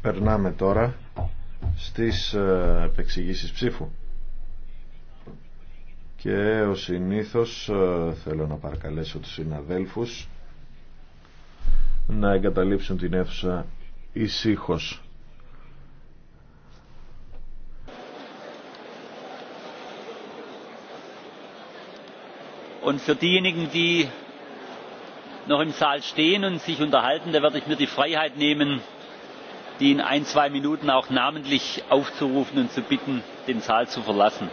Περνάμε τώρα στις ε, επεξηγήσει ψήφου. Και ο συνήθως ε, θέλω να παρακαλέσω τους συναδέλφους να εγκαταλείψουν την αίθουσα ησύχως. Und für diejenigen, die noch im saal stehen und sich unterhalten da werde ich mir die freiheit nehmen die in ein zwei minuten auch namentlich aufzurufen und zu bitten den saal zu verlassen.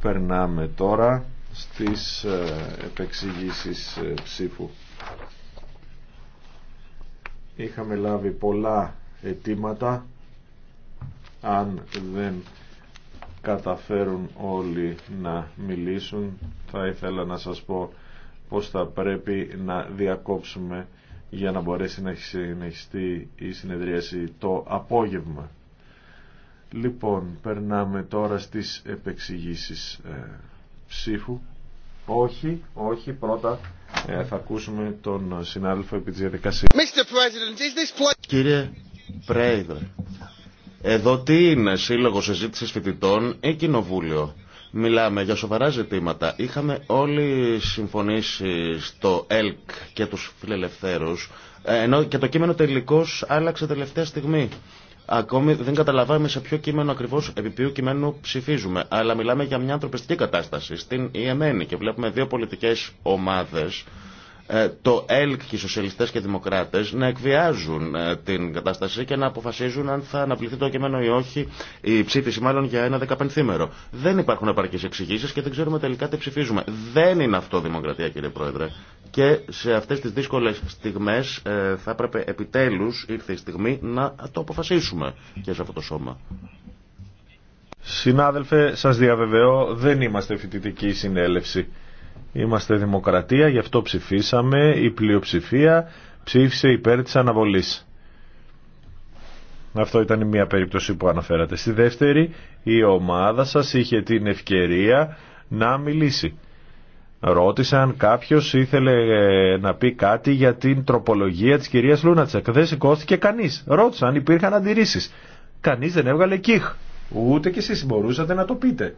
Περνάμε τώρα στις ε, επεξηγήσεις ε, ψήφου. Είχαμε λάβει πολλά αιτήματα αν δεν καταφέρουν όλοι να μιλήσουν θα ήθελα να σας πω πως θα πρέπει να διακόψουμε για να μπορέσει να συνεχιστεί η συνεδρίαση το απόγευμα. Λοιπόν, περνάμε τώρα στις επεξηγήσεις ε, ψήφου. Όχι, όχι, πρώτα ε, θα ακούσουμε τον συνάδελφο επί της διαδικασίας. Κύριε Πρέιδρε, εδώ τι είναι σύλλογο συζήτηση φοιτητών ή κοινοβούλιο. Μιλάμε για σοβαρά ζητήματα. Είχαμε όλοι συμφωνήσει στο ΕΛΚ και τους φιλελευθέρους, ε, ενώ και το κείμενο τελικώς άλλαξε τελευταία στιγμή. Ακόμη δεν καταλαβαίνουμε σε ποιο κείμενο ακριβώ, επί ποιο κειμένου ψηφίζουμε. Αλλά μιλάμε για μια ανθρωπιστική κατάσταση στην Ιεμένη και βλέπουμε δύο πολιτικέ ομάδε ε, το ΕΛΚ και οι σοσιαλιστές και οι δημοκράτες να εκβιάζουν ε, την κατάσταση και να αποφασίζουν αν θα αναβληθεί το κείμενο ή όχι η ψήφιση μάλλον για ένα δεκαπενθήμερο. Δεν υπάρχουν επαρκείς εξηγήσει και δεν ξέρουμε τελικά τι ψηφίζουμε. Δεν είναι αυτό δημοκρατία κύριε Πρόεδρε. Και σε αυτές τις δύσκολες στιγμές ε, θα έπρεπε επιτέλους ήρθε η στιγμή να το αποφασίσουμε και σε αυτό το σώμα. Συνάδελφε, σας διαβεβαιώ, δεν είμαστε φοιτητική συνέλευση. Είμαστε δημοκρατία, γι' αυτό ψηφίσαμε. Η πλειοψηφία ψήφισε υπέρ της αναβολής. Αυτό ήταν η μία περίπτωση που αναφέρατε. Στη δεύτερη, η ομάδα σας είχε την ευκαιρία να μιλήσει. Ρώτησαν κάποιος ήθελε ε, να πει κάτι για την τροπολογία της κυρίας Λούνατσεκ. Δεν σηκώθηκε κανείς. αν υπήρχαν αντιρρήσεις. Κανείς δεν έβγαλε κύχ. Ούτε κι εσείς μπορούσατε να το πείτε.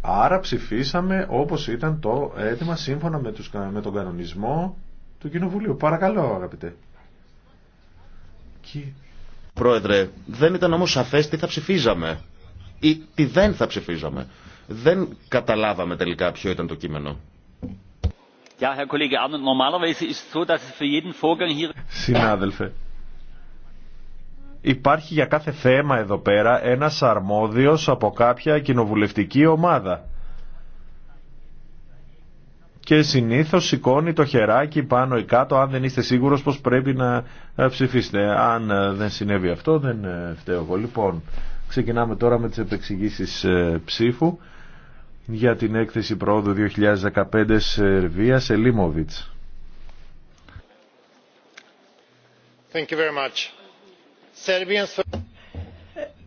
Άρα ψηφίσαμε όπως ήταν το αίτημα σύμφωνα με, τους, με τον κανονισμό του Κοινοβουλίου. Παρακαλώ αγαπητέ. Και... Πρόεδρε, δεν ήταν όμως σαφές τι θα ψηφίζαμε ή τι δεν θα ψηφίζαμε. Δεν καταλάβαμε τελικά ποιο ήταν το κείμενο. Συνάδελφε, υπάρχει για κάθε θέμα εδώ πέρα ένας αρμόδιος από κάποια κοινοβουλευτική ομάδα. Και συνήθως σηκώνει το χεράκι πάνω ή κάτω αν δεν είστε σίγουρος πως πρέπει να ε, ψηφίσετε. Αν ε, δεν συνέβη αυτό δεν ε, φταίω εγώ. Λοιπόν, ξεκινάμε τώρα με τις επεξηγήσεις ψήφου για την έκθεση πρόοδου 2015 Σερβία σε Thank you very much serbian social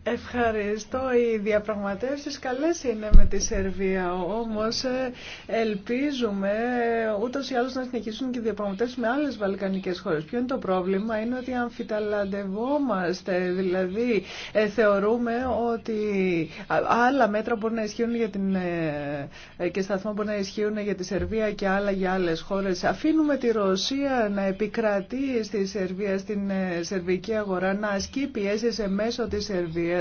Ευχαριστώ. Οι διαπραγματεύσεις καλές είναι με τη Σερβία, όμως ε, ελπίζουμε ούτως ή άλλως να συνεχίσουν και οι διαπραγματεύσεις με άλλες βαλκανικές χώρες. Ποιο είναι το πρόβλημα, είναι ότι αμφιταλαντευόμαστε, δηλαδή ε, θεωρούμε ότι άλλα μέτρα μπορεί να ισχύουν για την, ε, και σταθμό μπορεί να ισχύουν για τη Σερβία και άλλα για άλλες χώρες. Αφήνουμε τη Ρωσία να επικρατεί στη Σερβία, στην σερβική αγορά, να ασκεί πιέσει μέσω της Σερβία.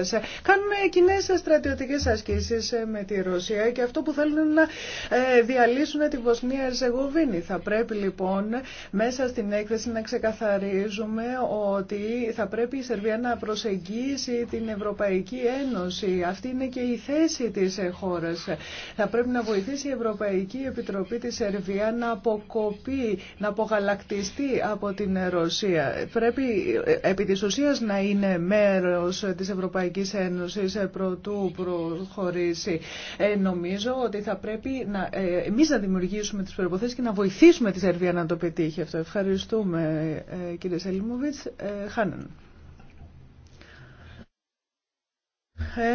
Κάνουμε κοινέ στρατιωτικές ασκήσεις ε, με τη Ρωσία και αυτό που θέλουν να ε, διαλύσουν τη Βοσνία Ερζεγοβίνη. Θα πρέπει λοιπόν μέσα στην έκθεση να ξεκαθαρίζουμε ότι θα πρέπει η Σερβία να προσεγγίσει την Ευρωπαϊκή Ένωση. Αυτή είναι και η θέση της ε, χώρα. Θα πρέπει να βοηθήσει η Ευρωπαϊκή Επιτροπή τη Σερβία να αποκοπεί, να απογαλακτιστεί από την Ρωσία. Πρέπει επί να είναι μέρος της Ευρωπαϊκής Ευρωπαϊκής Ένωσης ε, προτού προχωρήσει. Ε, νομίζω ότι θα πρέπει να, ε, εμείς να δημιουργήσουμε τις προϋποθέσεις και να βοηθήσουμε τη Σερβία να το πετύχει αυτό. Ευχαριστούμε κύριε Σελίμωβιτς. Χάναν.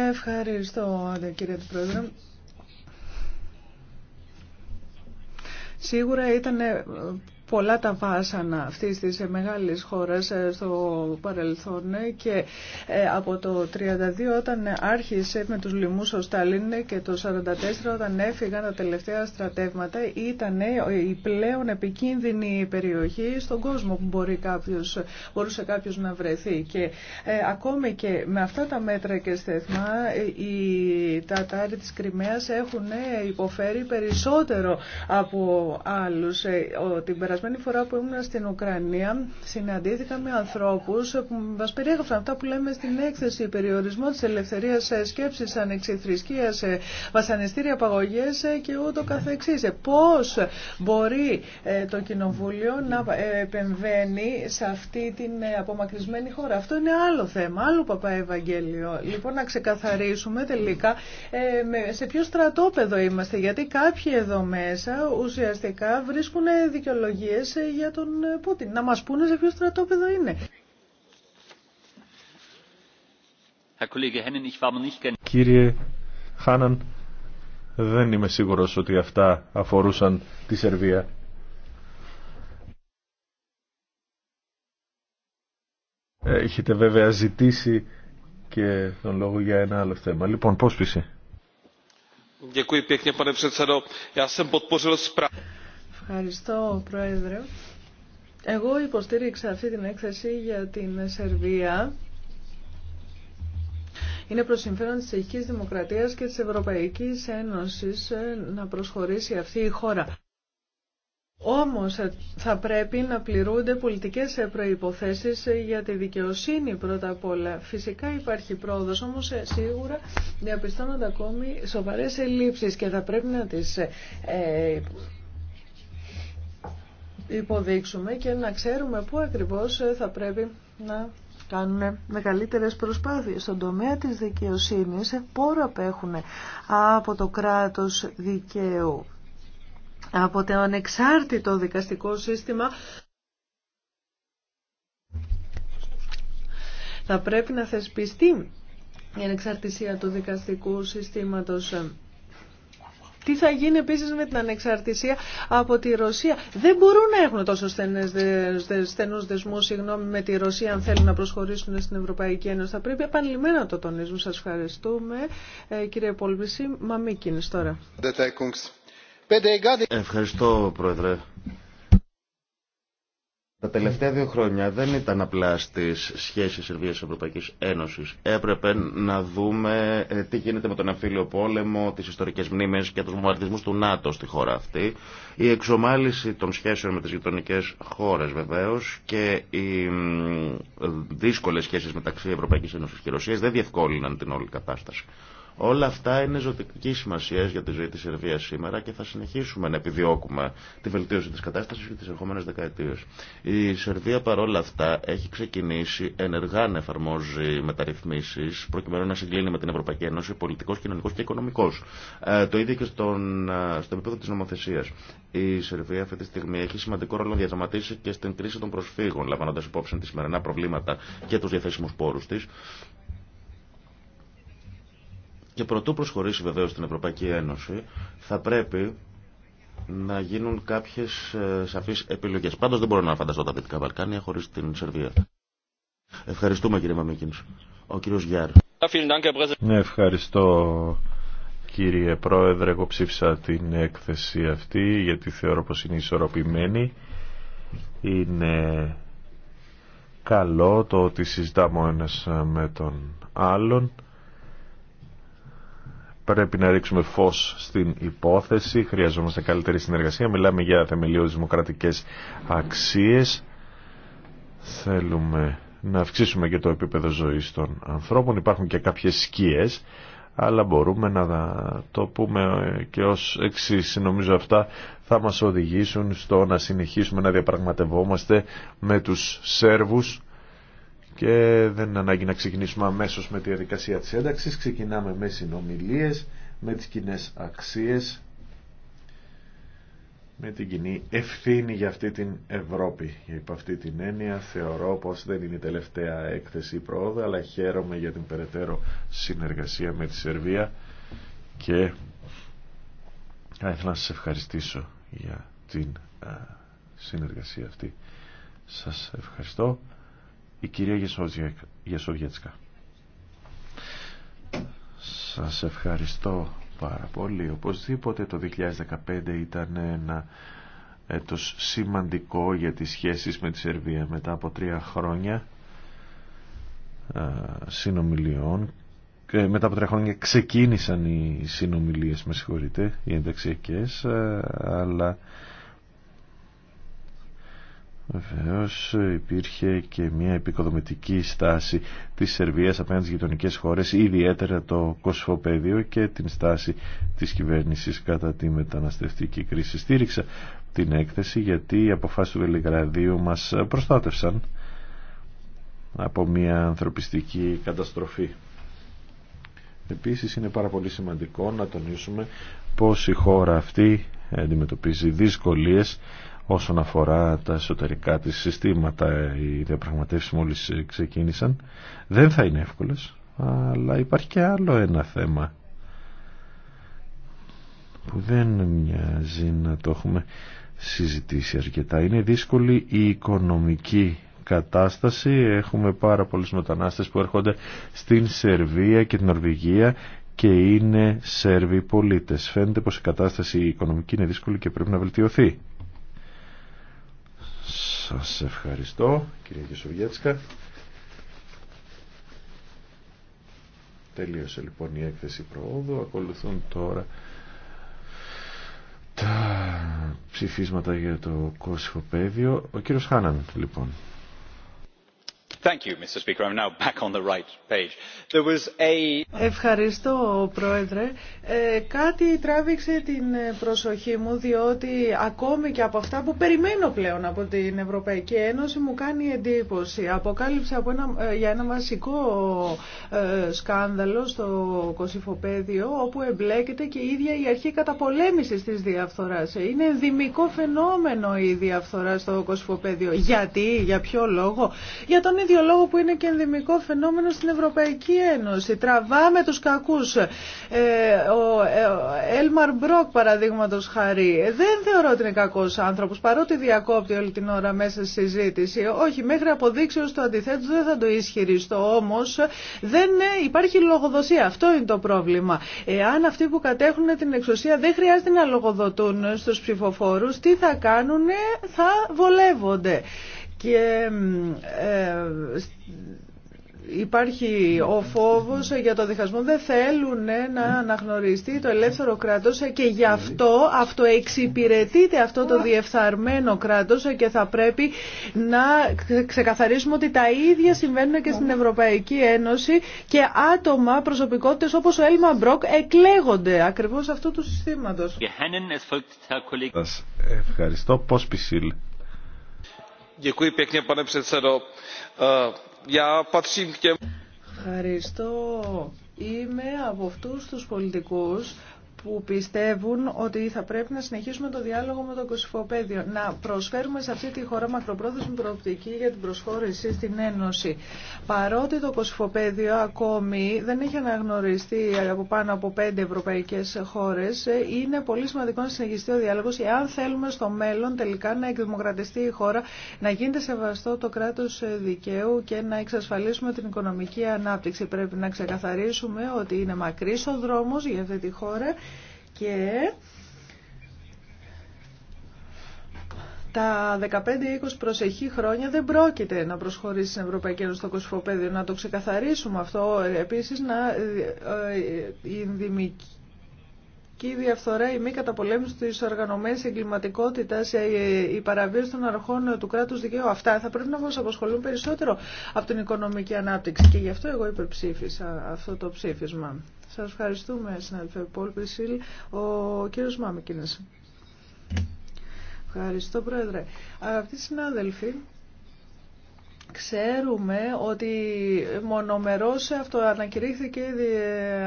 Ευχαριστώ κύριε του Πρόεδρε. Σίγουρα ήταν πολλά τα βάσανα αυτή της μεγάλης χώρας ε, στο παρελθόν ε, και ε, από το 32 όταν άρχισε με τους λιμούς ο Σταλίν και το 44 όταν έφυγαν τα τελευταία στρατεύματα ήταν η πλέον επικίνδυνη περιοχή στον κόσμο που μπορεί κάποιος, μπορούσε κάποιος να βρεθεί και ακόμη και με αυτά τα μέτρα και στεθμά οι ταταρί της Κρυμαίας έχουν υποφέρει περισσότερο από άλλους την περασμένη φορά που ήμουν στην Ουκρανία συναντήθηκα με ανθρώπους που μας περιέγραψαν αυτά που λέμε στην έκθεση περιορισμό της ελευθερίας σκέψη ανεξιθρησκείας, βασανιστήρια απαγωγές ε, και ούτω καθεξής. Ε, πώς μπορεί ε, το Κοινοβούλιο να επεμβαίνει σε αυτή την απομακρυσμένη χώρα. Αυτό είναι άλλο θέμα, άλλο Ευαγγελιο. Λοιπόν, να ξεκαθαρίσουμε τελικά σε ποιο στρατόπεδο είμαστε, γιατί κάποιοι εδώ μέσα ουσιαστικά βρίσκουν δικαιολογία ε, για τον ε, Πούτιν. Να μας πούνε σε ποιο στρατόπεδο είναι. Κύριε Χάναν, δεν είμαι σίγουρος ότι αυτά αφορούσαν τη Σερβία. Ε, έχετε βέβαια ζητήσει και τον λόγο για ένα άλλο θέμα. Λοιπόν, πώς πεισή. Ευχαριστώ, Πρόεδρε. Εγώ υποστήριξα αυτή την έκθεση για την Σερβία. Είναι προ συμφέρον της Τσεχικής Δημοκρατίας και της Ευρωπαϊκής Ένωσης ε, να προσχωρήσει αυτή η χώρα. Όμως ε, θα πρέπει να πληρούνται πολιτικές ε, προϋποθέσεις για τη δικαιοσύνη πρώτα απ' όλα. Φυσικά υπάρχει πρόοδος, όμως σίγουρα διαπιστώνονται ακόμη σοβαρές ελλείψεις και θα πρέπει να τις υποδείξουμε και να ξέρουμε πού ακριβώς ε, θα πρέπει να κάνουμε μεγαλύτερες προσπάθειες. Στον τομέα της δικαιοσύνης πόρο απέχουν από το κράτος δικαίου, από το ανεξάρτητο δικαστικό σύστημα. Θα πρέπει να θεσπιστεί η ανεξαρτησία του δικαστικού συστήματος τι θα γίνει επίση με την ανεξαρτησία από τη Ρωσία. Δεν μπορούν να έχουν τόσο στενού δεσμού, με τη Ρωσία αν θέλουν να προσχωρήσουν στην Ευρωπαϊκή Ένωση. Θα πρέπει επανειλημμένα να το τονίζουμε Σας ευχαριστούμε. Ε, κύριε Πολμπίση, Μαμίκινη τώρα. Ευχαριστώ, Πρόεδρε. Τα τελευταία δύο χρόνια δεν ήταν απλά στι σχέσει Σερβία Ευρωπαϊκή Ένωση. Έπρεπε να δούμε ε, τι γίνεται με τον αμφίλιο πόλεμο, τι ιστορικέ μνήμε και του βομβαρδισμού του ΝΑΤΟ στη χώρα αυτή. Η εξομάλυση των σχέσεων με τι γειτονικέ χώρε βεβαίω και οι δύσκολε σχέσει μεταξύ Ευρωπαϊκή Ένωση και Ρωσία δεν διευκόλυναν την όλη κατάσταση. Όλα αυτά είναι ζωτική σημασία για τη ζωή τη Σερβία σήμερα και θα συνεχίσουμε να επιδιώκουμε τη βελτίωση τη κατάσταση για τι ερχόμενε δεκαετίε. Η Σερβία παρόλα αυτά έχει ξεκινήσει ενεργά να εφαρμόζει μεταρρυθμίσει προκειμένου να συγκλίνει με την Ευρωπαϊκή Ένωση πολιτικό, κοινωνικό και οικονομικό. Ε, το ίδιο και στον, ε, στο επίπεδο τη νομοθεσία. Η Σερβία αυτή τη στιγμή έχει σημαντικό ρόλο να διαδραματίσει και στην κρίση των προσφύγων, λαμβάνοντα υπόψη τη σημερινά προβλήματα και του διαθέσιμου πόρου τη και προτού προσχωρήσει βεβαίω στην Ευρωπαϊκή Ένωση, θα πρέπει να γίνουν κάποιες ε, σαφείς επιλογές. Πάντως δεν μπορώ να φανταστώ τα Δυτικά Βαλκάνια χωρίς την Σερβία. Ευχαριστούμε κύριε Μαμίκιν. Ο κύριος Γιάρ. Ναι, ευχαριστώ κύριε Πρόεδρε. Εγώ ψήφισα την έκθεση αυτή γιατί θεωρώ πως είναι ισορροπημένη. Είναι καλό το ότι συζητάμε ο με τον άλλον πρέπει να ρίξουμε φως στην υπόθεση, χρειαζόμαστε καλύτερη συνεργασία, μιλάμε για θεμελιώδεις δημοκρατικές αξίες, θέλουμε να αυξήσουμε και το επίπεδο ζωής των ανθρώπων, υπάρχουν και κάποιες σκίες, αλλά μπορούμε να το πούμε και ως εξή νομίζω αυτά θα μας οδηγήσουν στο να συνεχίσουμε να διαπραγματευόμαστε με τους Σέρβους και δεν είναι ανάγκη να ξεκινήσουμε αμέσως με τη διαδικασία της ένταξης. Ξεκινάμε με συνομιλίες, με τις κοινέ αξίες, με την κοινή ευθύνη για αυτή την Ευρώπη. Υπ' αυτή την έννοια θεωρώ πως δεν είναι η τελευταία έκθεση πρόοδο, αλλά χαίρομαι για την περαιτέρω συνεργασία με τη Σερβία και θα ήθελα να σας ευχαριστήσω για την συνεργασία αυτή. Σας ευχαριστώ η κυρία Γεσοβιέτσκα. Σας ευχαριστώ πάρα πολύ. Οπωσδήποτε το 2015 ήταν ένα έτος σημαντικό για τις σχέσεις με τη Σερβία. Μετά από τρία χρόνια συνομιλιών ε, μετά από τρία χρόνια ξεκίνησαν οι συνομιλίες με συγχωρείτε οι ενταξιακές ε, αλλά Βεβαίω, υπήρχε και μια επικοδομητική στάση της Σερβίας απέναντι στις γειτονικές χώρες, ιδιαίτερα το Κωσφοπέδιο και την στάση της κυβέρνησης κατά τη μεταναστευτική κρίση. Στήριξα την έκθεση γιατί οι αποφάσεις του Βελιγραδίου μας προστάτευσαν από μια ανθρωπιστική καταστροφή. Επίσης είναι πάρα πολύ σημαντικό να τονίσουμε πως η χώρα αυτή αντιμετωπίζει δυσκολίες όσον αφορά τα εσωτερικά της συστήματα οι διαπραγματεύσεις μόλις ξεκίνησαν δεν θα είναι εύκολες αλλά υπάρχει και άλλο ένα θέμα που δεν μοιάζει να το έχουμε συζητήσει αρκετά είναι δύσκολη η οικονομική κατάσταση έχουμε πάρα πολλούς μετανάστες που έρχονται στην Σερβία και την Νορβηγία και είναι Σέρβοι πολίτες φαίνεται πως η κατάσταση η οικονομική είναι δύσκολη και πρέπει να βελτιωθεί σας ευχαριστώ κυρία Κεσοβιέτσκα. Τελείωσε λοιπόν η έκθεση προόδου. Ακολουθούν τώρα τα ψηφίσματα για το πεδίο. Ο κύριος Χάναν λοιπόν. Ευχαριστώ, Πρόεδρε. Ε, κάτι τράβηξε την προσοχή μου, διότι ακόμη και από αυτά που περιμένω πλέον από την Ευρωπαϊκή Ένωση μου κάνει εντύπωση. Αποκάλυψε από ένα, ε, για ένα βασικό ε, σκάνδαλο στο Κωσυφοπαίδιο, όπου εμπλέκεται και η ίδια η αρχή καταπολέμησης της διαφθοράς. Είναι δημικό φαινόμενο η διαφθορά στο Κωσυφοπαίδιο. Γιατί, για ποιο λόγο, για τον ίδιο λόγο που είναι και ενδημικό φαινόμενο στην Ευρωπαϊκή Ένωση. Τραβάμε τους κακούς. Ε, ο ε, Έλμαρ Μπρόκ παραδείγματο χαρή. Δεν θεωρώ ότι είναι κακός άνθρωπος παρότι διακόπτει όλη την ώρα μέσα στη συζήτηση. Όχι, μέχρι αποδείξεως το αντιθέτω δεν θα το ισχυριστώ όμως. Δεν ε, υπάρχει λογοδοσία. Αυτό είναι το πρόβλημα. Εάν αυτοί που κατέχουν την εξουσία δεν χρειάζεται να λογοδοτούν στους ψηφοφόρους, τι θα κάνουν, θα βολεύονται και ε, υπάρχει ο φόβος για το διχασμό. Δεν θέλουν να αναγνωριστεί το ελεύθερο κράτος και γι' αυτό αυτοεξυπηρετείται αυτό το διεφθαρμένο κράτος και θα πρέπει να ξεκαθαρίσουμε ότι τα ίδια συμβαίνουν και στην Ευρωπαϊκή Ένωση και άτομα προσωπικότητες όπως ο Έλμα Μπροκ εκλέγονται ακριβώς αυτού του συστήματος. Ευχαριστώ. Πώς Eh, Ευχαριστώ. Είμαι από αυτούς τους πολιτικούς που πιστεύουν ότι θα πρέπει να συνεχίσουμε το διάλογο με το Κωσυφοπαίδιο, να προσφέρουμε σε αυτή τη χώρα μακροπρόθεσμη προοπτική για την προσχώρηση στην Ένωση. Παρότι το Κωσυφοπαίδιο ακόμη δεν έχει αναγνωριστεί από πάνω από πέντε ευρωπαϊκέ χώρε. είναι πολύ σημαντικό να συνεχιστεί ο διάλογο εάν θέλουμε στο μέλλον τελικά να εκδημοκρατιστεί η χώρα, να γίνεται σεβαστό το κράτο δικαίου και να εξασφαλίσουμε την οικονομική ανάπτυξη. Πρέπει να ξεκαθαρίσουμε ότι είναι μακρύ ο δρόμο για αυτή τη χώρα και τα 15-20 προσεχή χρόνια δεν πρόκειται να προσχωρήσει στην Ευρωπαϊκή Ένωση το κοσφοπέδιο. Να το ξεκαθαρίσουμε αυτό. Ε, επίσης, να, ε, ε, η και η διαφθορά, η μη καταπολέμηση τη οργανωμένη εγκληματικότητα, η παραβίαση των αρχών του κράτου δικαίου. Αυτά θα πρέπει να μα απασχολούν περισσότερο από την οικονομική ανάπτυξη. Και γι' αυτό εγώ υπερψήφισα αυτό το ψήφισμα. Σα ευχαριστούμε, συναδελφέ Πολ Πρισίλ. Ο κύριο Μάμικινε. Ευχαριστώ, Πρόεδρε. Αγαπητοί συνάδελφοι, Ξέρουμε ότι μονομερός αυτό ανακηρύχθηκε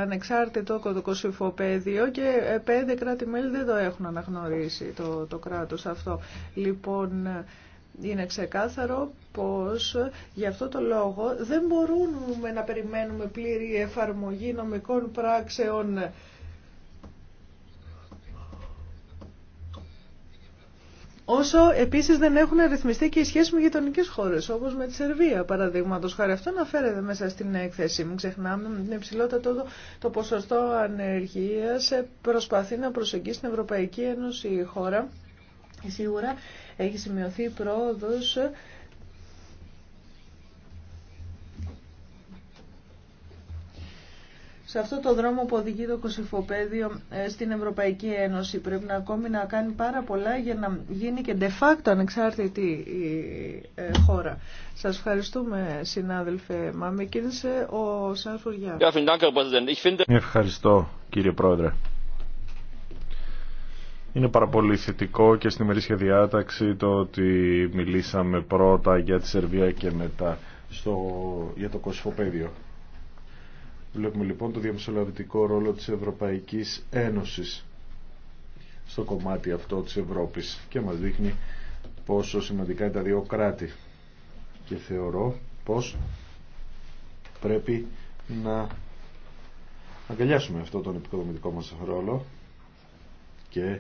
ανεξάρτητο το κοσυφοπαίδιο και ε, πέντε κράτη-μέλη δεν το έχουν αναγνωρίσει το, το κράτος αυτό. Λοιπόν, είναι ξεκάθαρο πως ε, γι' αυτό το λόγο δεν μπορούμε να περιμένουμε πλήρη εφαρμογή νομικών πράξεων ε, όσο επίσης δεν έχουν ρυθμιστεί και οι σχέσεις με γειτονικές χώρες, όπως με τη Σερβία παραδείγματος χάρη. Αυτό αναφέρεται μέσα στην έκθεση. Μην ξεχνάμε την υψηλότητα το ποσοστό ανεργίας προσπαθεί να προσεγγίσει την Ευρωπαϊκή Ένωση η χώρα. Σίγουρα έχει σημειωθεί πρόοδος σε αυτό το δρόμο που οδηγεί το κοσυφοπαίδιο ε, στην Ευρωπαϊκή Ένωση. Πρέπει να ακόμη να κάνει πάρα πολλά για να γίνει και de facto ανεξάρτητη η ε, χώρα. Σας ευχαριστούμε συνάδελφε Μαμικίνσε, ο Σάρφουρ Ευχαριστώ κύριε Πρόεδρε. Είναι πάρα πολύ θετικό και στη ημερήσια διάταξη το ότι μιλήσαμε πρώτα για τη Σερβία και μετά στο... για το κοσυφοπαίδιο. Βλέπουμε λοιπόν το διαμεσολαβητικό ρόλο της Ευρωπαϊκής Ένωσης στο κομμάτι αυτό της Ευρώπης και μας δείχνει πόσο σημαντικά είναι τα δύο κράτη και θεωρώ πως πρέπει να αγκαλιάσουμε αυτό τον επικοδομητικό μας ρόλο και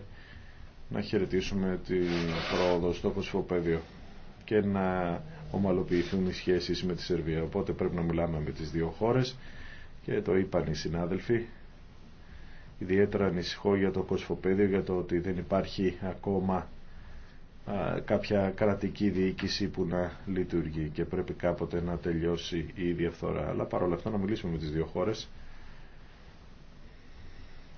να χαιρετήσουμε την πρόοδο στο κοσφοπέδιο και να ομαλοποιηθούν οι σχέσεις με τη Σερβία. Οπότε πρέπει να μιλάμε με τις δύο χώρες και το είπαν οι συνάδελφοι. Ιδιαίτερα ανησυχώ για το κοσφοπέδιο, για το ότι δεν υπάρχει ακόμα κάποια κρατική διοίκηση που να λειτουργεί και πρέπει κάποτε να τελειώσει η διαφθορά. Αλλά παρόλα αυτά να μιλήσουμε με τις δύο χώρες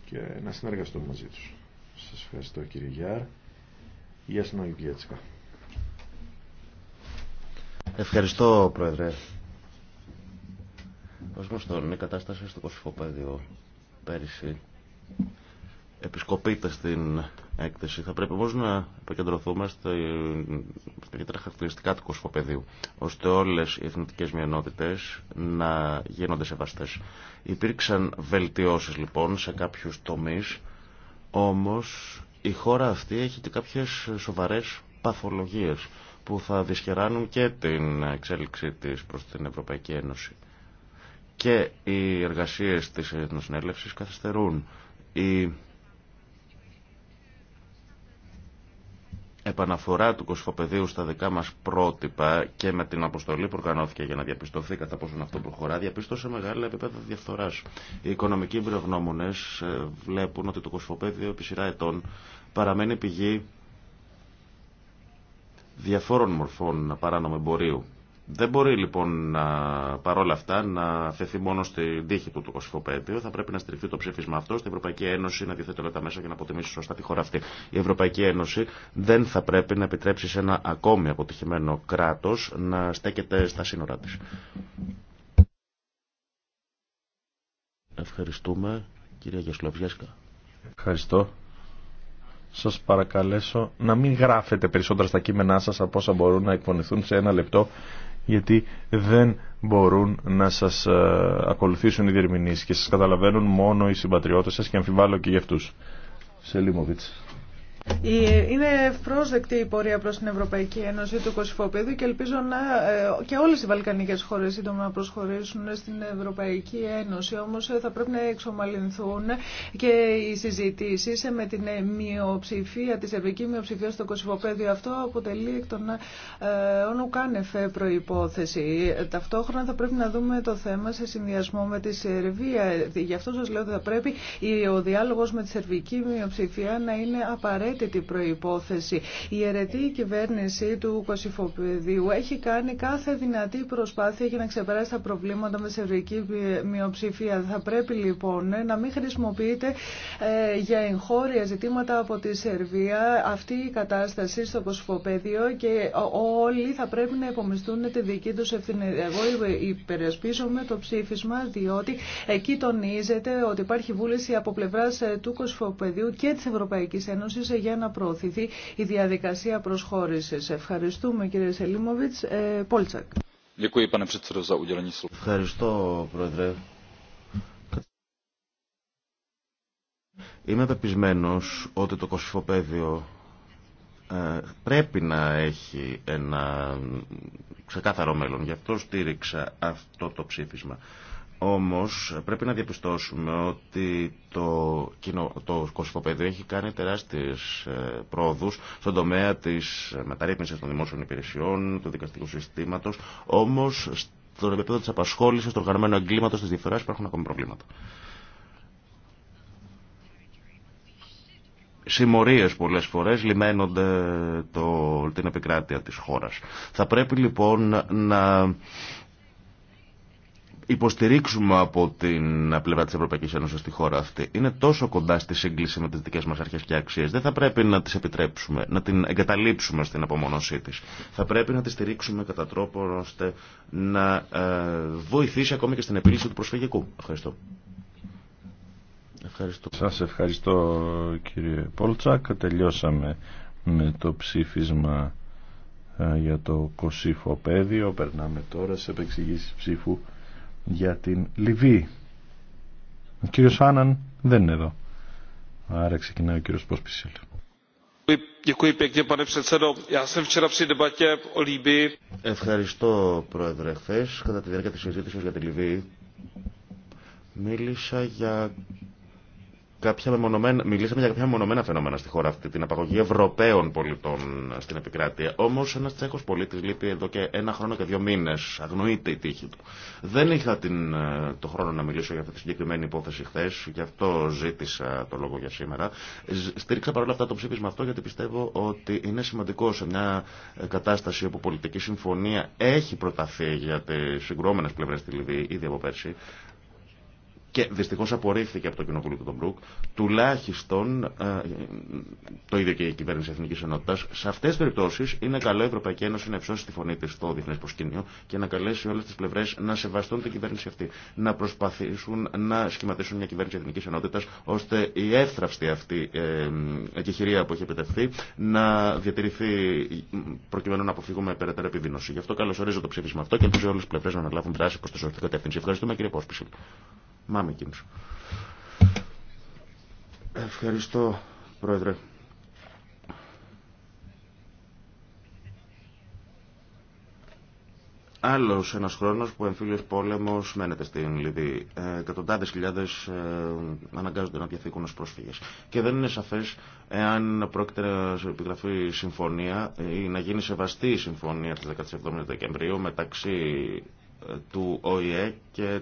και να συνεργαστούμε μαζί τους. Σας ευχαριστώ κύριε Γιάρ. Γεια σας Ευχαριστώ Πρόεδρε. Ως η κατάσταση στο Κωσυφοπαίδιο πέρυσι επισκοπείται στην έκθεση. Θα πρέπει όμω να επικεντρωθούμε στα ιδιαίτερα χαρακτηριστικά του κοσμοπεδίου, ώστε όλες οι εθνικές μειονότητες να γίνονται σεβαστές. Υπήρξαν βελτιώσεις λοιπόν σε κάποιους τομεί, όμως η χώρα αυτή έχει και κάποιες σοβαρές παθολογίε που θα δυσχεράνουν και την εξέλιξή της προς την Ευρωπαϊκή Ένωση και οι εργασίες της Εθνοσυνέλευσης καθυστερούν. Η επαναφορά του κοσφοπεδίου στα δικά μας πρότυπα και με την αποστολή που οργανώθηκε για να διαπιστωθεί κατά πόσον αυτό προχωρά, διαπίστωσε μεγάλα επίπεδα διαφθοράς. Οι οικονομικοί εμπειρογνώμονες ε, βλέπουν ότι το κοσφοπέδιο επί σειρά ετών παραμένει πηγή διαφόρων μορφών παράνομου εμπορίου δεν μπορεί λοιπόν παρόλα αυτά να θεθεί μόνο στην τύχη του το κοσυφοπαίδιο. Θα πρέπει να στηριχθεί το ψήφισμα αυτό στην Ευρωπαϊκή Ένωση να διαθέτει όλα τα μέσα για να αποτιμήσει σωστά τη χώρα αυτή. Η Ευρωπαϊκή Ένωση δεν θα πρέπει να επιτρέψει σε ένα ακόμη αποτυχημένο κράτο να στέκεται στα σύνορά τη. Ευχαριστούμε. Κυρία Γεσλοβιέσκα. Ευχαριστώ. Σα παρακαλέσω να μην γράφετε περισσότερα στα κείμενά σα από όσα μπορούν να εκπονηθούν σε ένα λεπτό γιατί δεν μπορούν να σας ε, ακολουθήσουν οι διερμηνείς και σας καταλαβαίνουν μόνο οι συμπατριώτες σας και αμφιβάλλω και για αυτούς. Σελίμοβιτς. Είναι ευπρόσδεκτη η πορεία προς την Ευρωπαϊκή Ένωση του Κωσυφοπέδου και ελπίζω να, ε, και όλες οι βαλκανικές χώρες σύντομα να προσχωρήσουν στην Ευρωπαϊκή Ένωση. Όμως ε, θα πρέπει να εξομαλυνθούν και οι συζητήσεις με την μειοψηφία, τη σερβική μειοψηφία στο Κωσυφοπέδιο. Αυτό αποτελεί εκ των ε, όνου κάνεφε προϋπόθεση. Ταυτόχρονα θα πρέπει να δούμε το θέμα σε συνδυασμό με τη Σερβία. Γι' αυτό σας λέω ότι θα πρέπει ο διάλογος με τη σερβική μειοψηφία να είναι απαραίτητο απαραίτητη προϋπόθεση. Η αιρετή κυβέρνηση του Κωσυφοπεδίου έχει κάνει κάθε δυνατή προσπάθεια για να ξεπεράσει τα προβλήματα με σευρική μειοψηφία. Θα πρέπει λοιπόν να μην χρησιμοποιείται ε, για εγχώρια ζητήματα από τη Σερβία αυτή η κατάσταση στο Κωσυφοπεδίο και όλοι θα πρέπει να υπομιστούν τη δική του ευθύνη. Εγώ υπερασπίζομαι το ψήφισμα διότι εκεί τονίζεται ότι υπάρχει βούληση από πλευρά ε, του Κωσυφοπεδίου και της Ευρωπαϊκής Ένωσης για να προωθηθεί η διαδικασία προσχώρησης. Ευχαριστούμε κύριε Σελίμοβιτς. Ε, Πόλτσακ. Ευχαριστώ πρόεδρε. Είμαι πεπισμένος ότι το κοσυφοπαίδιο ε, πρέπει να έχει ένα ξεκάθαρο μέλλον. Γι' αυτό στήριξα αυτό το ψήφισμα. Όμως πρέπει να διαπιστώσουμε ότι το, κοινο, το έχει κάνει τεράστιες ε, πρόοδους στον τομέα της μεταρρύθμισης των δημόσιων υπηρεσιών, του δικαστικού συστήματος, όμως στον επίπεδο της απασχόλησης, του οργανωμένου εγκλήματος, της διαφθοράς υπάρχουν ακόμη προβλήματα. συμμορίες πολλές φορές λιμένονται το, την επικράτεια της χώρας. Θα πρέπει λοιπόν να υποστηρίξουμε από την πλευρά τη Ευρωπαϊκή Ένωση στη χώρα αυτή. Είναι τόσο κοντά στη σύγκληση με τι δικέ μα αρχέ και αξίε. Δεν θα πρέπει να τι επιτρέψουμε, να την εγκαταλείψουμε στην απομονωσή τη. Θα πρέπει να τη στηρίξουμε κατά τρόπο ώστε να ε, βοηθήσει ακόμη και στην επίλυση του προσφυγικού. Ευχαριστώ. Ευχαριστώ. Σας ευχαριστώ κύριε Πόλτσακ. Τελειώσαμε με το ψήφισμα ε, για το κοσίφο πέδιο. Περνάμε τώρα σε επεξηγήσεις ψήφου για την Λιβύη. Ο κύριος Άναν δεν είναι εδώ. Άρα ξεκινάει ο κύριος Πόσπισιλ. Ευχαριστώ, Πρόεδρε. Χθε, κατά τη διάρκεια τη συζήτηση για τη Λιβύη, μίλησα για κάποια μεμονωμένα, μιλήσαμε για κάποια μονομένα φαινόμενα στη χώρα αυτή, την απαγωγή Ευρωπαίων πολιτών στην επικράτεια. Όμω ένα Τσέχο πολίτη λείπει εδώ και ένα χρόνο και δύο μήνε. Αγνοείται η τύχη του. Δεν είχα την, ε, το χρόνο να μιλήσω για αυτή τη συγκεκριμένη υπόθεση χθε, γι' αυτό ζήτησα το λόγο για σήμερα. Στήριξα παρόλα αυτά το ψήφισμα αυτό γιατί πιστεύω ότι είναι σημαντικό σε μια ε, κατάσταση όπου πολιτική συμφωνία έχει προταθεί για τι συγκρόμενε πλευρέ στη Λιβύη ήδη από πέρσι και δυστυχώς απορρίφθηκε από το κοινοβούλιο του Μπρουκ, τουλάχιστον ε, το ίδιο και η κυβέρνηση Εθνικής Ενότητας, σε αυτές τις περιπτώσεις είναι καλό η Ευρωπαϊκή Ένωση να υψώσει τη φωνή της στο διεθνές προσκήνιο και να καλέσει όλες τις πλευρές να σεβαστούν την κυβέρνηση αυτή, να προσπαθήσουν να σχηματίσουν μια κυβέρνηση Εθνικής Ενότητας, ώστε η εύθραυστη αυτή ε, εκεχηρία που έχει επιτευχθεί να διατηρηθεί προκειμένου να αποφύγουμε περαιτέρω επιδείνωση. Γι' αυτό καλωσορίζω το ψήφισμα αυτό και ελπίζω όλε τι πλευρέ να αναλάβουν δράση τη σωστή κατεύθυνση. Ευχαριστούμε κύριε Πόσπιση. Ευχαριστώ, Πρόεδρε. Άλλο ένας χρόνος που εμφύλιος πόλεμος μένεται στην Λιβύη. Ε, εκατοντάδες χιλιάδες ε, αναγκάζονται να διαθήκουν ως πρόσφυγες. Και δεν είναι σαφές εάν πρόκειται να επιγραφεί συμφωνία ή να γίνει σεβαστή η συμφωνία της 17η Δεκεμβρίου μεταξύ ε, του ΟΗΕ και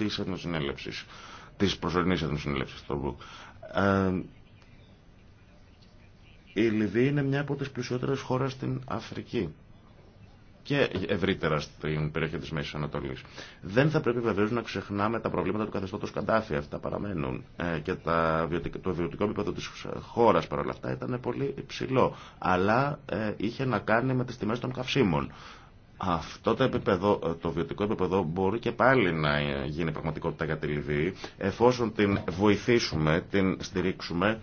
Τη Εθνοσυνέλευσης, της προσωρινής Εθνοσυνέλευσης του ε, η Λιβύη είναι μια από τι πλουσιότερε χώρε στην Αφρική και ευρύτερα στην περιοχή τη Μέσης Ανατολής. Δεν θα πρέπει βεβαίω να ξεχνάμε τα προβλήματα του καθεστώτος Καντάφη. Αυτά παραμένουν ε, και το βιωτικό επίπεδο τη χώρα παρόλα αυτά ήταν πολύ υψηλό. Αλλά ε, είχε να κάνει με τι τιμέ των καυσίμων. Αυτό το, επίπεδο, το βιωτικό επίπεδο μπορεί και πάλι να γίνει πραγματικότητα για τη Λιβύη εφόσον την βοηθήσουμε, την στηρίξουμε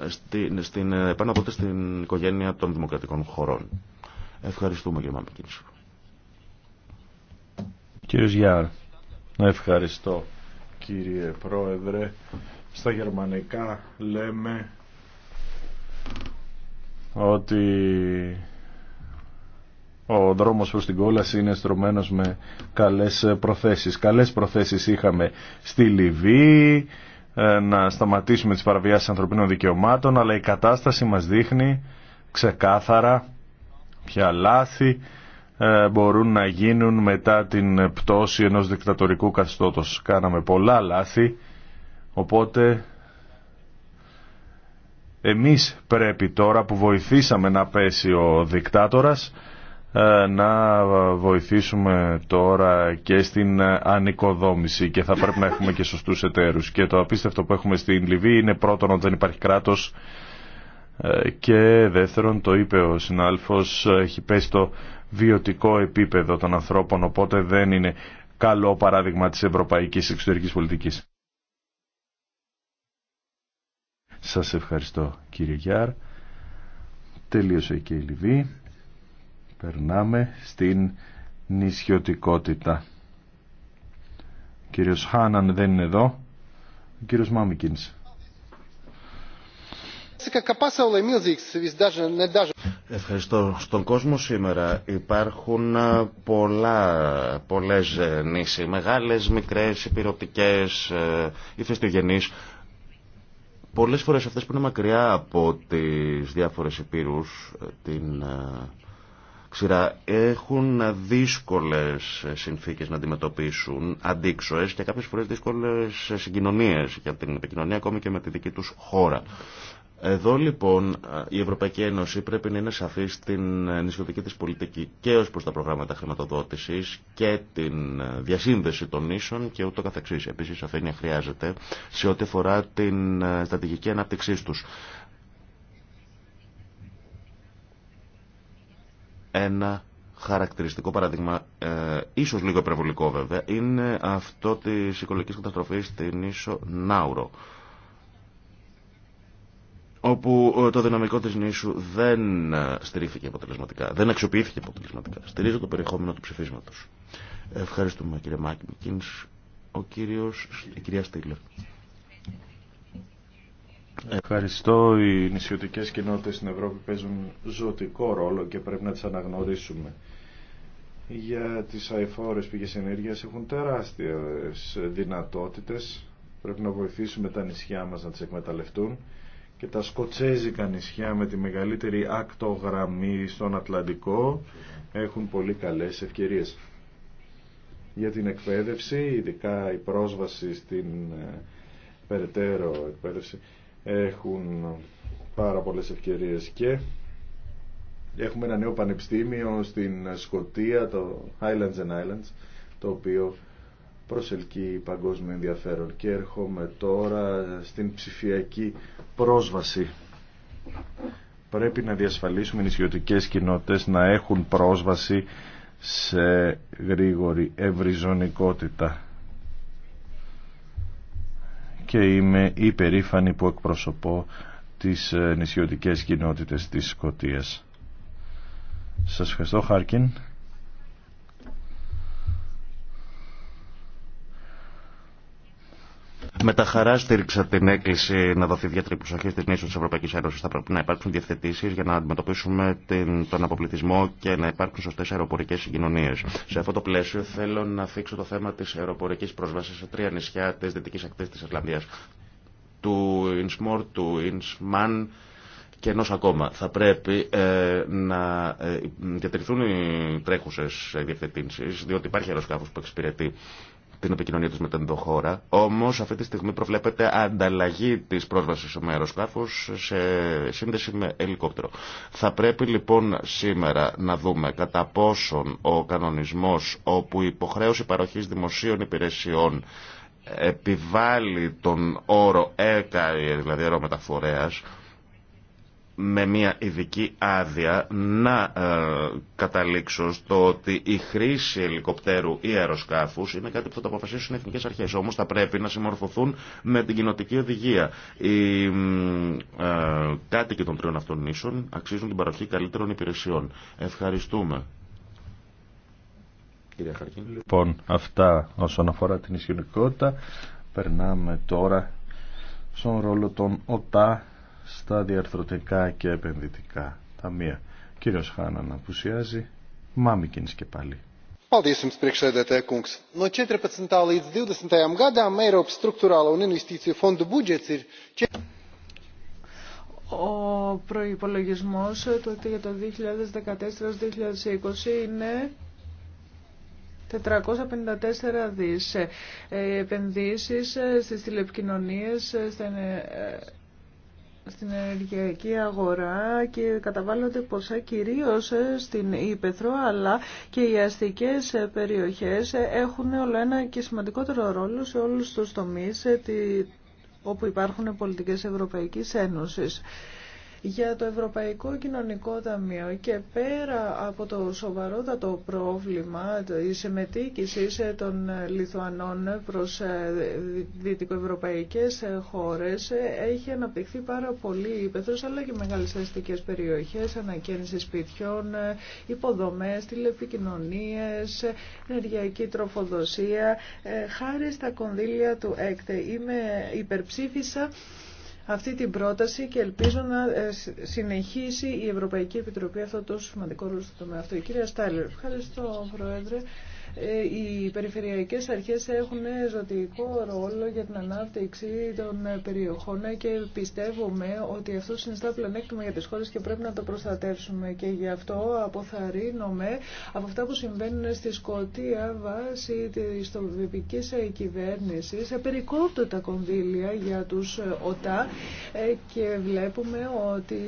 ε, στην, στην, ε, πάνω από την οικογένεια των δημοκρατικών χωρών. Ευχαριστούμε κύριε Μαμικίνης. Κύριε Ζιαρ, ευχαριστώ κύριε Πρόεδρε. Στα γερμανικά λέμε ότι ο δρόμος προς την κόλαση είναι στρωμένο με καλές προθέσεις. Καλές προθέσεις είχαμε στη Λιβύη, ε, να σταματήσουμε τις παραβιάσεις ανθρωπίνων δικαιωμάτων, αλλά η κατάσταση μας δείχνει ξεκάθαρα ποια λάθη ε, μπορούν να γίνουν μετά την πτώση ενός δικτατορικού καθεστώτος. Κάναμε πολλά λάθη, οπότε εμείς πρέπει τώρα που βοηθήσαμε να πέσει ο δικτάτορας ε, να βοηθήσουμε τώρα και στην ανοικοδόμηση και θα πρέπει να έχουμε και σωστούς εταίρους. Και το απίστευτο που έχουμε στην Λιβύη είναι πρώτον ότι δεν υπάρχει κράτος ε, και δεύτερον το είπε ο συνάλφος έχει πέσει το βιωτικό επίπεδο των ανθρώπων οπότε δεν είναι καλό παράδειγμα της ευρωπαϊκής εξωτερικής πολιτικής. Σας ευχαριστώ κύριε Γιάρ. Τελείωσε και η Λιβύη. Περνάμε στην νησιωτικότητα. Ο κύριος Χάναν δεν είναι εδώ. Ο κύριος Μάμικινς. Ευχαριστώ. Στον κόσμο σήμερα υπάρχουν ε, πολλά, πολλές ε, νήσοι, μεγάλες, μικρές, υπηρετικές, ε, ηφαιστογενείς. Πολλές φορές αυτές που είναι μακριά από τις διάφορες υπήρους, την ξηρά έχουν δύσκολες συνθήκες να αντιμετωπίσουν, αντίξωες και κάποιες φορές δύσκολες συγκοινωνίες για την επικοινωνία ακόμη και με τη δική τους χώρα. Εδώ λοιπόν η Ευρωπαϊκή Ένωση πρέπει να είναι σαφή στην νησιωτική της πολιτική και ως προς τα προγράμματα χρηματοδότησης και την διασύνδεση των νήσων και ούτω καθεξής. Επίσης αφήνεια χρειάζεται σε ό,τι αφορά την στρατηγική ανάπτυξή τους. Ένα χαρακτηριστικό παράδειγμα, ε, ίσως λίγο υπερβολικό βέβαια, είναι αυτό της οικολογικής καταστροφής στην ίσο Νάουρο όπου ε, το δυναμικό της νήσου δεν ε, στηρίχθηκε αποτελεσματικά, δεν αξιοποιήθηκε αποτελεσματικά. Στηρίζω το περιεχόμενο του ψηφίσματος. Ευχαριστούμε κύριε Μάκη Ο κύριος, η κυρία Στήλερ. Ευχαριστώ. Οι νησιωτικές κοινότητε στην Ευρώπη παίζουν ζωτικό ρόλο και πρέπει να τι αναγνωρίσουμε. Για τις αεφόρε πηγέ ενέργειας έχουν τεράστιες δυνατότητες. Πρέπει να βοηθήσουμε τα νησιά μας να τις εκμεταλλευτούν και τα σκοτσέζικα νησιά με τη μεγαλύτερη ακτογραμμή στον Ατλαντικό έχουν πολύ καλές ευκαιρίες. Για την εκπαίδευση, ειδικά η πρόσβαση στην ε, περαιτέρω εκπαίδευση, έχουν πάρα πολλές ευκαιρίες και έχουμε ένα νέο πανεπιστήμιο στην Σκοτία, το Highlands and Islands, το οποίο προσελκύει παγκόσμιο ενδιαφέρον και έρχομαι τώρα στην ψηφιακή πρόσβαση. Πρέπει να διασφαλίσουμε οι νησιωτικές κοινότητες να έχουν πρόσβαση σε γρήγορη ευρυζωνικότητα και είμαι υπερήφανη που εκπροσωπώ τις ε, νησιωτικές κοινότητες της Σκοτίας. Σας ευχαριστώ Χάρκιν. Με τα χαρά στήριξα την έκκληση να δοθεί ιδιαίτερη προσοχή στι είσοδο τη Ευρωπαϊκή Ένωση. Θα πρέπει να υπάρξουν διευθετήσει για να αντιμετωπίσουμε την, τον αποπληθισμό και να υπάρξουν σωστέ αεροπορικέ συγκοινωνίε. Σε αυτό το πλαίσιο θέλω να θίξω το θέμα τη αεροπορική πρόσβαση σε τρία νησιά τη δυτική ακτή τη Ισλανδία. Του Ινσμόρ, του Ινσμάν και ενό ακόμα. Θα πρέπει ε, να ε, διατηρηθούν οι τρέχουσε διευθετήσει, διότι υπάρχει αεροσκάφο που εξυπηρετεί την επικοινωνία του με την ενδοχώρα, όμως αυτή τη στιγμή προβλέπεται ανταλλαγή τη πρόσβαση με αεροσκάφο σε σύνδεση με ελικόπτερο. Θα πρέπει λοιπόν σήμερα να δούμε κατά πόσον ο κανονισμό, όπου η υποχρέωση παροχή δημοσίων υπηρεσιών επιβάλλει τον όρο ΕΚΑΙ, δηλαδή αερομεταφορέας, με μια ειδική άδεια να ε, καταλήξω στο ότι η χρήση ελικοπτέρου ή αεροσκάφους είναι κάτι που θα το αποφασίσουν οι εθνικές αρχές. Όμως θα πρέπει να συμμορφωθούν με την κοινοτική οδηγία. Οι ε, κάτοικοι των τριών αυτών νήσων αξίζουν την παροχή καλύτερων υπηρεσιών. Ευχαριστούμε. Λοιπόν, αυτά όσον αφορά την ισχυρικότητα. Περνάμε τώρα στον ρόλο των ΟΤΑ στα διαρθρωτικά και επενδυτικά ταμεία. Κύριος Χάναν απουσιάζει. Μάμικινς και πάλι. Ο προϋπολογισμός για το 2014-2020 είναι 454 δις ε, επενδύσεις ε, στις τηλεπικοινωνίες, ε, στα στην ενεργειακή αγορά και καταβάλλονται ποσά κυρίως ε, στην Ήπεθρο αλλά και οι αστικές ε, περιοχές ε, έχουν όλο ένα και σημαντικότερο ρόλο σε όλους τους τομείς όπου υπάρχουν πολιτικές Ευρωπαϊκής Ένωσης για το Ευρωπαϊκό Κοινωνικό Ταμείο και πέρα από το σοβαρότατο πρόβλημα της συμμετήκηση των Λιθουανών προς ε, δυτικοευρωπαϊκές χώρες έχει αναπτυχθεί πάρα πολύ η αλλά και μεγάλες αστικές περιοχές, ανακαίνιση σπιτιών, υποδομές, τηλεπικοινωνίες, ενεργειακή τροφοδοσία. Ε, χάρη στα κονδύλια του ΕΚΤΕ είμαι υπερψήφισα αυτή την πρόταση και ελπίζω να ε, συνεχίσει η Ευρωπαϊκή Επιτροπή αυτό το τόσο σημαντικό ρόλο στο τομέα αυτό. Η κυρία Στάλερ, ευχαριστώ Πρόεδρε. Ε, οι περιφερειακές αρχές έχουν ζωτικό ρόλο για την ανάπτυξη των περιοχών και πιστεύουμε ότι αυτό συνιστά πλανέκτημα για τις χώρες και πρέπει να το προστατεύσουμε και γι' αυτό αποθαρρύνομαι από αυτά που συμβαίνουν στη Σκοτία βάσει της τοπικής κυβέρνησης περικόπτω τα κονδύλια για τους ΟΤΑ ε, και βλέπουμε ότι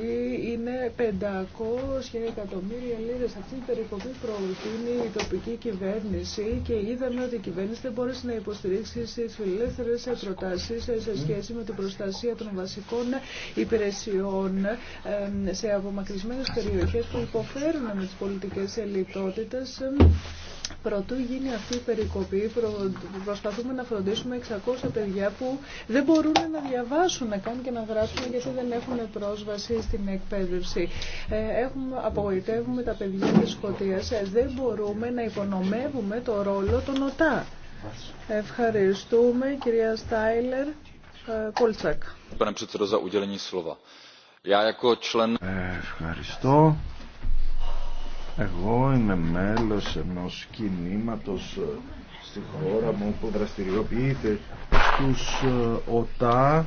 είναι 500 εκατομμύρια λίρες αυτή η περικοπή προωθήνει η τοπική κυβέρνηση και είδαμε ότι η κυβέρνηση δεν μπόρεσε να υποστηρίξει τι φιλελεύθερε προτάσει σε σχέση με την προστασία των βασικών υπηρεσιών σε απομακρυσμένε περιοχέ που υποφέρουν με τι πολιτικέ λιτότητε. Προτού γίνει αυτή η περικοπή, προσπαθούμε να φροντίσουμε 600 παιδιά που δεν μπορούν να διαβάσουν, να κάνουν και να γράψουν γιατί δεν έχουν πρόσβαση στην εκπαίδευση. Ε, έχουμε, απογοητεύουμε τα παιδιά της σκοτία. Ε, δεν μπορούμε να υπονομεύουμε το ρόλο των ΟΤΑ. Ευχαριστούμε, κυρία Στάιλερ. Ε, Κόλτσακ. Ευχαριστώ. Εγώ είμαι μέλος ενός κινήματος ε, στη χώρα μου που δραστηριοποιείται στους ε, ΟΤΑ.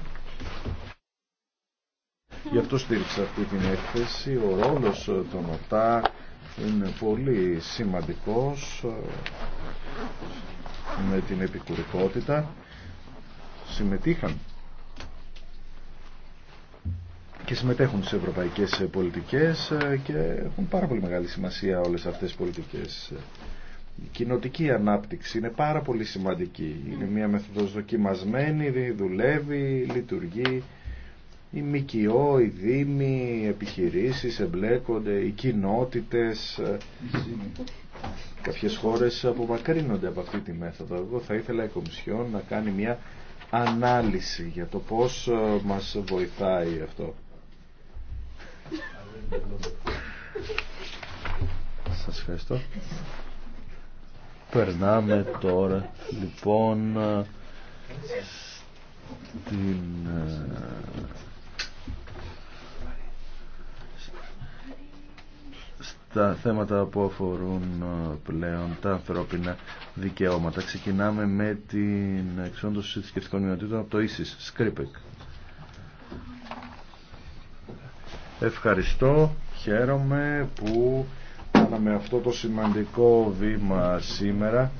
Γι' αυτό στήριξα αυτή την έκθεση. Ο ρόλος ε, των ΟΤΑ είναι πολύ σημαντικός με την επικουρικότητα. Συμμετείχαν και συμμετέχουν στις ευρωπαϊκές πολιτικές ε, και έχουν πάρα πολύ μεγάλη σημασία όλες αυτές οι πολιτικές. Η κοινοτική ανάπτυξη είναι πάρα πολύ σημαντική. Είναι μια μεθοδος δοκιμασμένη, δουλεύει, λειτουργεί. Η ΜΚΟ, οι Δήμοι, οι επιχειρήσεις εμπλέκονται, οι κοινότητες. Ε, κάποιες χώρες απομακρύνονται από αυτή τη μέθοδο. Εγώ θα ήθελα η Κομισιόν να κάνει μια ανάλυση για το πώς ε, μας βοηθάει αυτό. Σας ευχαριστώ. Περνάμε τώρα λοιπόν την ε, τα θέματα που αφορούν ε, πλέον τα ανθρώπινα δικαιώματα. Ξεκινάμε με την εξόντωση θρησκευτικών μειονοτήτων από το ΙΣΙΣ, Σκρίπεκ. Ευχαριστώ, χαίρομαι που κάναμε αυτό το σημαντικό βήμα σήμερα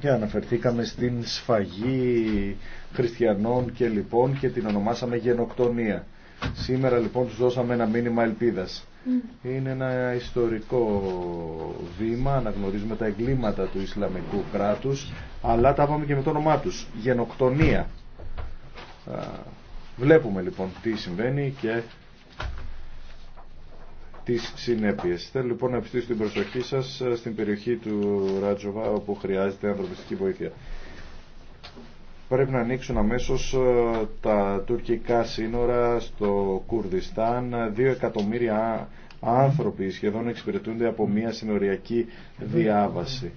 και αναφερθήκαμε στην σφαγή χριστιανών και λοιπόν και την ονομάσαμε γενοκτονία. Σήμερα λοιπόν τους δώσαμε ένα μήνυμα ελπίδας. Είναι ένα ιστορικό βήμα, αναγνωρίζουμε τα εγκλήματα του Ισλαμικού κράτους, αλλά τα είπαμε και με το όνομά τους, γενοκτονία. Βλέπουμε λοιπόν τι συμβαίνει και τις συνέπειες. Θέλω λοιπόν να επιστήσω την προσοχή σας ε, στην περιοχή του Ράτζοβα όπου χρειάζεται ανθρωπιστική βοήθεια. Πρέπει να ανοίξουν αμέσως ε, τα τουρκικά σύνορα στο Κουρδιστάν. Δύο εκατομμύρια άνθρωποι σχεδόν εξυπηρετούνται από μια συνοριακή διάβαση.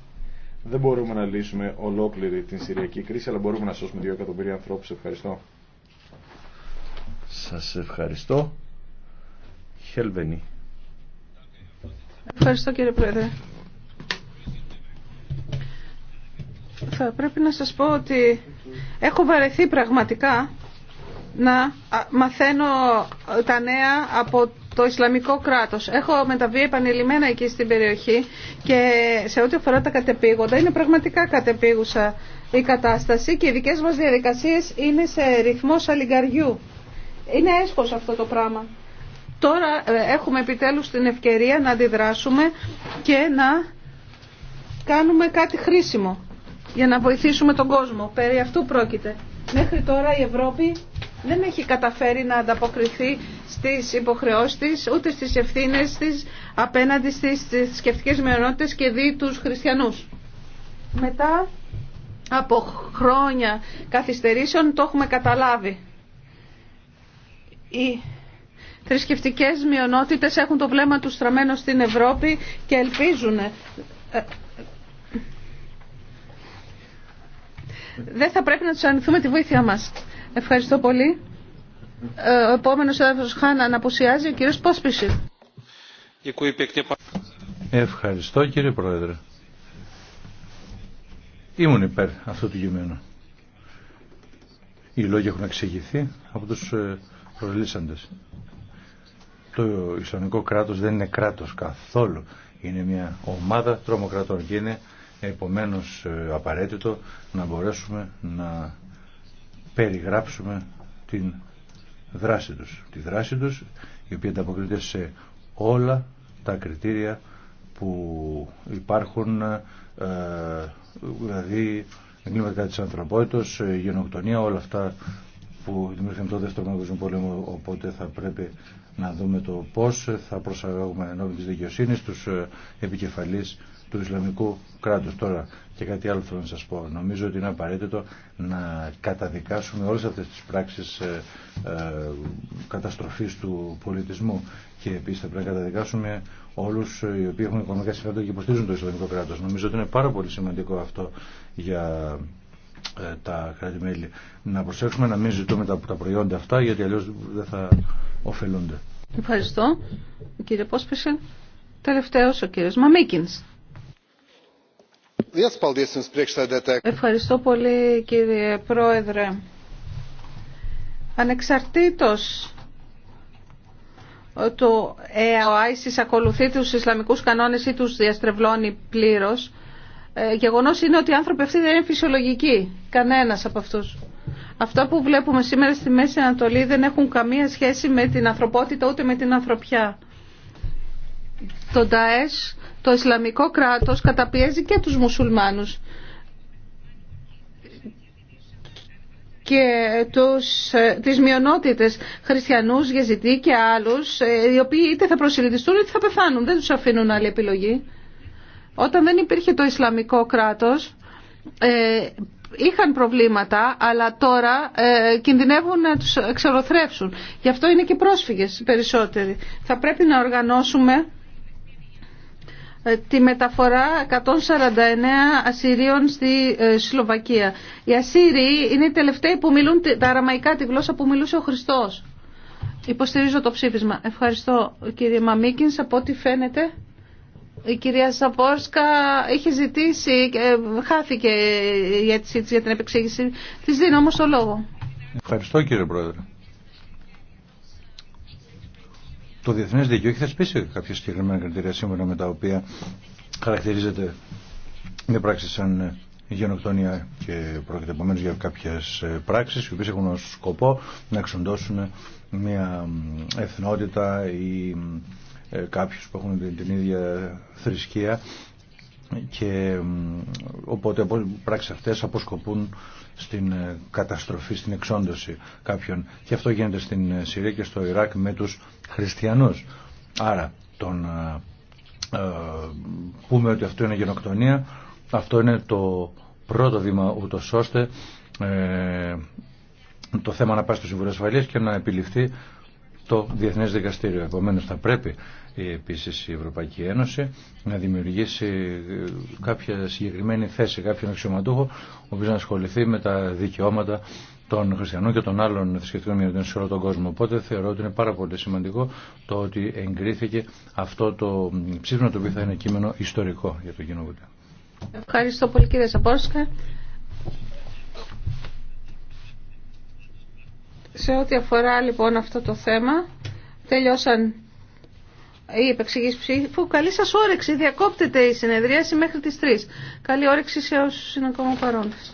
Δεν μπορούμε να λύσουμε ολόκληρη την Συριακή κρίση, αλλά μπορούμε να σώσουμε δύο εκατομμύρια ανθρώπους. Ευχαριστώ. Σας ευχαριστώ. Χελβενή. Ευχαριστώ κύριε Πρόεδρε. Θα πρέπει να σας πω ότι έχω βαρεθεί πραγματικά να μαθαίνω ε, τα νέα από το Ισλαμικό κράτος. Έχω μεταβεί επανειλημμένα εκεί στην περιοχή και σε ό,τι αφορά τα κατεπήγοντα είναι πραγματικά κατεπήγουσα η κατάσταση και οι δικές μας διαδικασίες είναι σε ρυθμό σαλιγκαριού. Είναι έσχος αυτό το πράγμα. Τώρα ε, έχουμε επιτέλους την ευκαιρία να αντιδράσουμε και να κάνουμε κάτι χρήσιμο για να βοηθήσουμε τον κόσμο. Περί αυτού πρόκειται. Μέχρι τώρα η Ευρώπη δεν έχει καταφέρει να ανταποκριθεί στις υποχρεώσεις της, ούτε στις ευθύνες της απέναντι στις θρησκευτικές μειονότητες και δι' τους χριστιανούς. Μετά από χρόνια καθυστερήσεων το έχουμε καταλάβει οι θρησκευτικέ μειονότητε έχουν το βλέμμα του στραμμένο στην Ευρώπη και ελπίζουν. Ε, ε, δεν θα πρέπει να του αρνηθούμε τη βοήθειά μα. Ευχαριστώ πολύ. Ε, ο επόμενο έδαφος Χάν αναποσιάζει, ο κύριο Πόσπισης. Ευχαριστώ κύριε Πρόεδρε. Ήμουν υπέρ αυτού του κειμένου. Οι λόγοι έχουν εξηγηθεί από τους το Ισλαμικό κράτος δεν είναι κράτος καθόλου. Είναι μια ομάδα τρομοκρατών και είναι επομένως ε, απαραίτητο να μπορέσουμε να περιγράψουμε την δράση τους. Τη δράση τους η οποία ανταποκρίνεται σε όλα τα κριτήρια που υπάρχουν ε, ε, δηλαδή εγκλήματα της ανθρωπότητας, γενοκτονία, όλα αυτά που δημιουργήθηκαν το δεύτερο παγκόσμιο πόλεμο, οπότε θα πρέπει να δούμε το πώ. θα προσαγάγουμε ενώπιν τη δικαιοσύνη του ε, επικεφαλεί του Ισλαμικού Κράτου. Τώρα και κάτι άλλο θέλω να σα πω. Νομίζω ότι είναι απαραίτητο να καταδικάσουμε όλε αυτέ τι πράξει ε, ε, καταστροφής του πολιτισμού και επίση θα πρέπει να καταδικάσουμε όλου ε, οι οποίοι έχουν οικονομικά συμφέροντα και υποστηρίζουν το Ισλαμικό κράτο. Νομίζω ότι είναι πάρα πολύ σημαντικό αυτό για ε, τα κράτη-μέλη. Να προσέξουμε να μην ζητούμε τα, τα προϊόντα αυτά γιατί αλλιώς δεν θα ωφελούνται. Ευχαριστώ. Κύριε Πόσπισε, τελευταίος ο κύριος Μαμίκινς. Ευχαριστώ πολύ κύριε Πρόεδρε. Ανεξαρτήτως του ΕΑΟΑΙΣΙΣ ακολουθεί τους Ισλαμικούς κανόνες ή τους διαστρεβλώνει πλήρως, ε, γεγονός είναι ότι οι άνθρωποι αυτοί δεν είναι φυσιολογικοί. Κανένας από αυτούς. Αυτά που βλέπουμε σήμερα στη Μέση Ανατολή δεν έχουν καμία σχέση με την ανθρωπότητα ούτε με την ανθρωπιά. Το ΝΤΑΕΣ, το Ισλαμικό κράτος, καταπιέζει και τους μουσουλμάνους. και τους, ε, τις μειονότητες χριστιανούς, γεζιτοί και άλλους ε, οι οποίοι είτε θα προσυλλητιστούν είτε θα πεθάνουν. Δεν τους αφήνουν άλλη επιλογή. Όταν δεν υπήρχε το Ισλαμικό κράτος, ε, είχαν προβλήματα, αλλά τώρα ε, κινδυνεύουν να τους εξοροθρεύσουν. Γι' αυτό είναι και πρόσφυγες περισσότεροι. Θα πρέπει να οργανώσουμε ε, τη μεταφορά 149 Ασσυρίων στη Σλοβακία. Οι Ασσύριοι είναι οι τελευταίοι που μιλούν τα αραμαϊκά, τη γλώσσα που μιλούσε ο Χριστός. Υποστηρίζω το ψήφισμα. Ευχαριστώ κύριε Μαμίκινς. Από ό,τι φαίνεται η κυρία Σαπόρσκα είχε ζητήσει, ε, χάθηκε η αίτησή για την επεξήγηση. τη δίνω όμως το λόγο. Ευχαριστώ κύριε Πρόεδρε. Το Διεθνές Δίκαιο έχει θεσπίσει κάποια συγκεκριμένα κριτήρια σήμερα με τα οποία χαρακτηρίζεται μια πράξη σαν γενοκτονία και πρόκειται επομένω για κάποιε πράξει οι οποίε έχουν ως σκοπό να εξοντώσουν μια εθνότητα ή ε, κάποιους που έχουν την, ίδια θρησκεία και οπότε πράξεις αυτές αποσκοπούν στην ε, καταστροφή, στην εξόντωση κάποιων και αυτό γίνεται στην ε, Συρία και στο Ιράκ με τους χριστιανούς άρα τον πούμε ότι αυτό είναι γενοκτονία αυτό είναι το πρώτο βήμα ούτως ώστε το θέμα να πάει στο Συμβουλίο Ασφαλείας και να επιληφθεί το Διεθνές Δικαστήριο επομένως θα πρέπει ε, επίσης η Ευρωπαϊκή Ένωση να δημιουργήσει ε, κάποια συγκεκριμένη θέση, κάποιον αξιωματούχο ο οποίος να ασχοληθεί με τα δικαιώματα των χριστιανών και των άλλων θρησκευτικών μειονοτήτων σε όλο τον κόσμο. Οπότε θεωρώ ότι είναι πάρα πολύ σημαντικό το ότι εγκρίθηκε αυτό το ψήφισμα το οποίο θα είναι κείμενο ιστορικό για το Κοινοβούλιο. Ευχαριστώ πολύ κύριε Σαπόρσκα. Σε ό,τι αφορά λοιπόν αυτό το θέμα, τελειώσαν η επεξηγής ψήφου. Καλή σας όρεξη. Διακόπτεται η συνεδρίαση μέχρι τις 3. Καλή όρεξη σε όσους είναι ακόμα παρόντες.